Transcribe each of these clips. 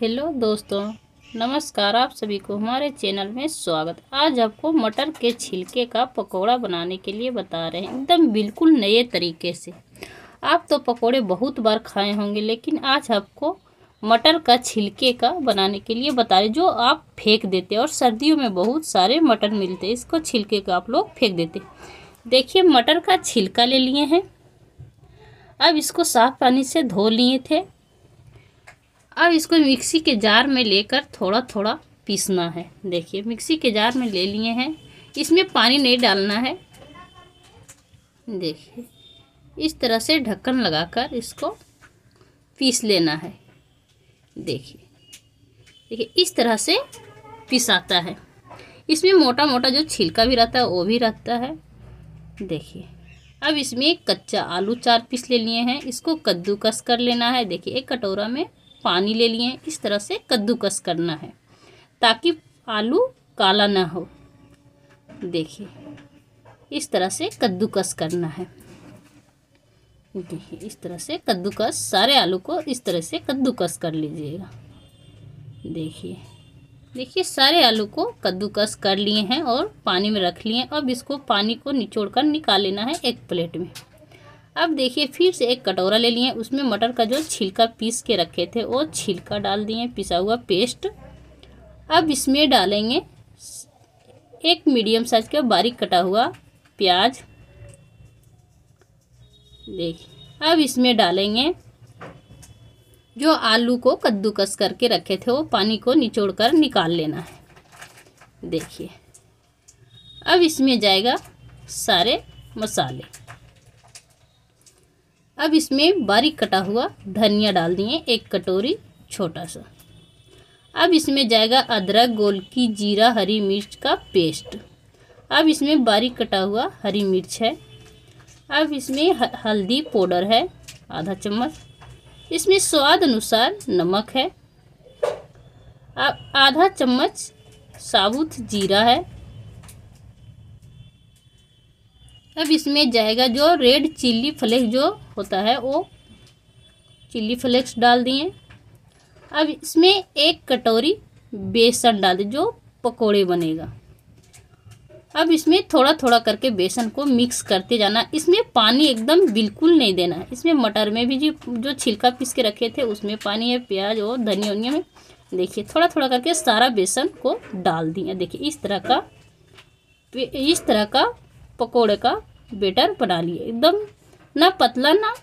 hello दोस्तों नमस्कार आप सभी को हमारे चैनल में स्वागत आज आपको मटर के छिलके का पकोड़ा बनाने के लिए बता रहे हैं एकदम बिल्कुल नए तरीके से आप तो पकोड़े बहुत बार खाए होंगे लेकिन आज आपको मटर का छिलके का बनाने के लिए बता रहे जो आप फेंक देते और सर्दियों में बहुत सारे मटर मिलते हैं इसको छिलके का आप लोग फेंक देते देखिए मटर का छिलका ले लिए हैं अब इसको साफ़ पानी से धो लिए थे अब इसको मिक्सी के जार में लेकर थोड़ा थोड़ा पीसना है देखिए मिक्सी के जार में ले लिए हैं इसमें पानी नहीं डालना है देखिए इस तरह से ढक्कन लगाकर इसको पीस लेना है देखिए देखिए इस तरह से पिसाता है इसमें मोटा मोटा जो छिलका भी रहता है वो भी रहता है देखिए अब इसमें कच्चा आलू चार पीस ले लिए हैं इसको कद्दूकस कर लेना है देखिए एक कटोरा में पानी ले लिए हैं इस तरह से कद्दूकस करना है ताकि आलू काला ना हो देखिए इस तरह से कद्दूकस करना है देखिए इस तरह से कद्दूकस सारे आलू को इस तरह से कद्दूकस कर लीजिएगा देखिए देखिए सारे आलू को कद्दूकस कर लिए हैं और पानी में रख लिए अब इसको पानी को निचोड़कर निकाल लेना है एक प्लेट में अब देखिए फिर से एक कटोरा ले लिए उसमें मटर का जो छिलका पीस के रखे थे वो छिलका डाल दिए पिसा हुआ पेस्ट अब इसमें डालेंगे एक मीडियम साइज का बारीक कटा हुआ प्याज देखिए अब इसमें डालेंगे जो आलू को कद्दूकस करके रखे थे वो पानी को निचोड़ कर निकाल लेना है देखिए अब इसमें जाएगा सारे मसाले अब इसमें बारीक कटा हुआ धनिया डाल दिए एक कटोरी छोटा सा अब इसमें जाएगा अदरक गोल की जीरा हरी मिर्च का पेस्ट अब इसमें बारीक कटा हुआ हरी मिर्च है अब इसमें हल्दी पाउडर है आधा चम्मच इसमें स्वाद अनुसार नमक है अब आधा चम्मच साबुत जीरा है अब इसमें जाएगा जो रेड चिल्ली फ्लेक्स जो होता है वो चिल्ली फ्लेक्स डाल दिए अब इसमें एक कटोरी बेसन डाल दें जो पकोड़े बनेगा अब इसमें थोड़ा थोड़ा करके बेसन को मिक्स करते जाना इसमें पानी एकदम बिल्कुल नहीं देना है इसमें मटर में भी जो जो छिलका पीस के रखे थे उसमें पानी है प्याज और धनिया उनिया में देखिए थोड़ा थोड़ा करके सारा बेसन को डाल दिए देखिए इस तरह का इस तरह का पकोड़े का बेटर बना लिए एकदम ना पतला ना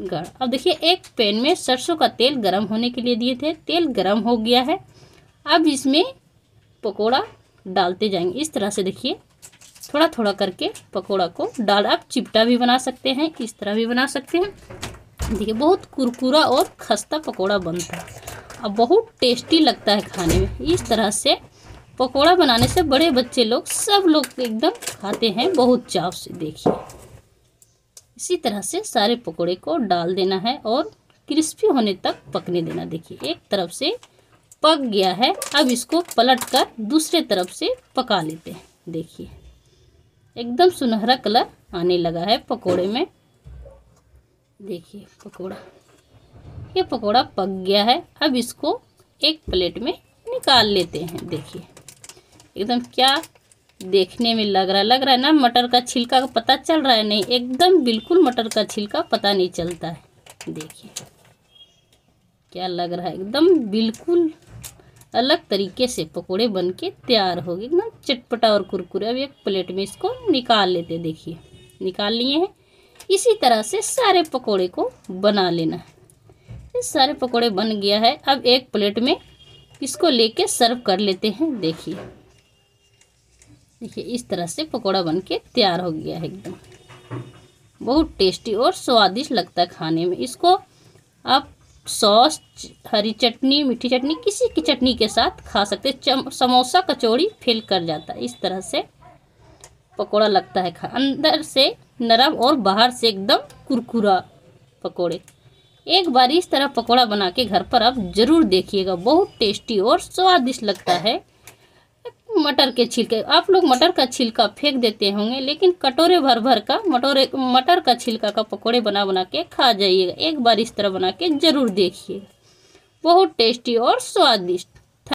गढ़ अब देखिए एक पैन में सरसों का तेल गरम होने के लिए दिए थे तेल गरम हो गया है अब इसमें पकोड़ा डालते जाएंगे इस तरह से देखिए थोड़ा थोड़ा करके पकोड़ा को डाल आप चिपटा भी बना सकते हैं इस तरह भी बना सकते हैं देखिए बहुत कुरकुरा और खस्ता पकोड़ा बनता है अब बहुत टेस्टी लगता है खाने में इस तरह से पकोड़ा बनाने से बड़े बच्चे लोग सब लोग एकदम खाते हैं बहुत चाव से देखिए इसी तरह से सारे पकोड़े को डाल देना है और क्रिस्पी होने तक पकने देना देखिए एक तरफ से पक गया है अब इसको पलट कर दूसरे तरफ से पका लेते हैं देखिए एकदम सुनहरा कलर आने लगा है पकोड़े में देखिए पकोड़ा ये पकोड़ा पक गया है अब इसको एक प्लेट में निकाल लेते हैं देखिए एकदम क्या देखने में लग रहा है लग रहा है ना मटर का छिलका का पता चल रहा है नहीं एकदम बिल्कुल मटर का छिलका पता नहीं चलता है देखिए क्या लग रहा है एकदम बिल्कुल अलग तरीके से पकोड़े बन के तैयार हो गए एकदम चटपटा और कुरकुरे अब एक प्लेट में इसको निकाल लेते देखिए निकाल लिए हैं इसी तरह से सारे पकोड़े को बना लेना है सारे पकोड़े बन गया है अब एक प्लेट में इसको लेके सर्व कर लेते हैं देखिए देखिए इस तरह से पकौड़ा बन के तैयार हो गया है एकदम बहुत टेस्टी और स्वादिष्ट लगता है खाने में इसको आप सॉस हरी चटनी मीठी चटनी किसी की चटनी के साथ खा सकते समोसा कचौड़ी फिल कर जाता है इस तरह से पकोड़ा लगता है खा अंदर से नरम और बाहर से एकदम कुरकुरा पकोड़े एक बार इस तरह पकोड़ा बना के घर पर आप ज़रूर देखिएगा बहुत टेस्टी और स्वादिष्ट लगता है मटर के छिलके आप लोग मटर का छिलका फेंक देते होंगे लेकिन कटोरे भर भर का मटोरे मटर का छिलका का पकौड़े बना बना के खा जाइएगा एक बार इस तरह बना के ज़रूर देखिएगा बहुत टेस्टी और स्वादिष्ट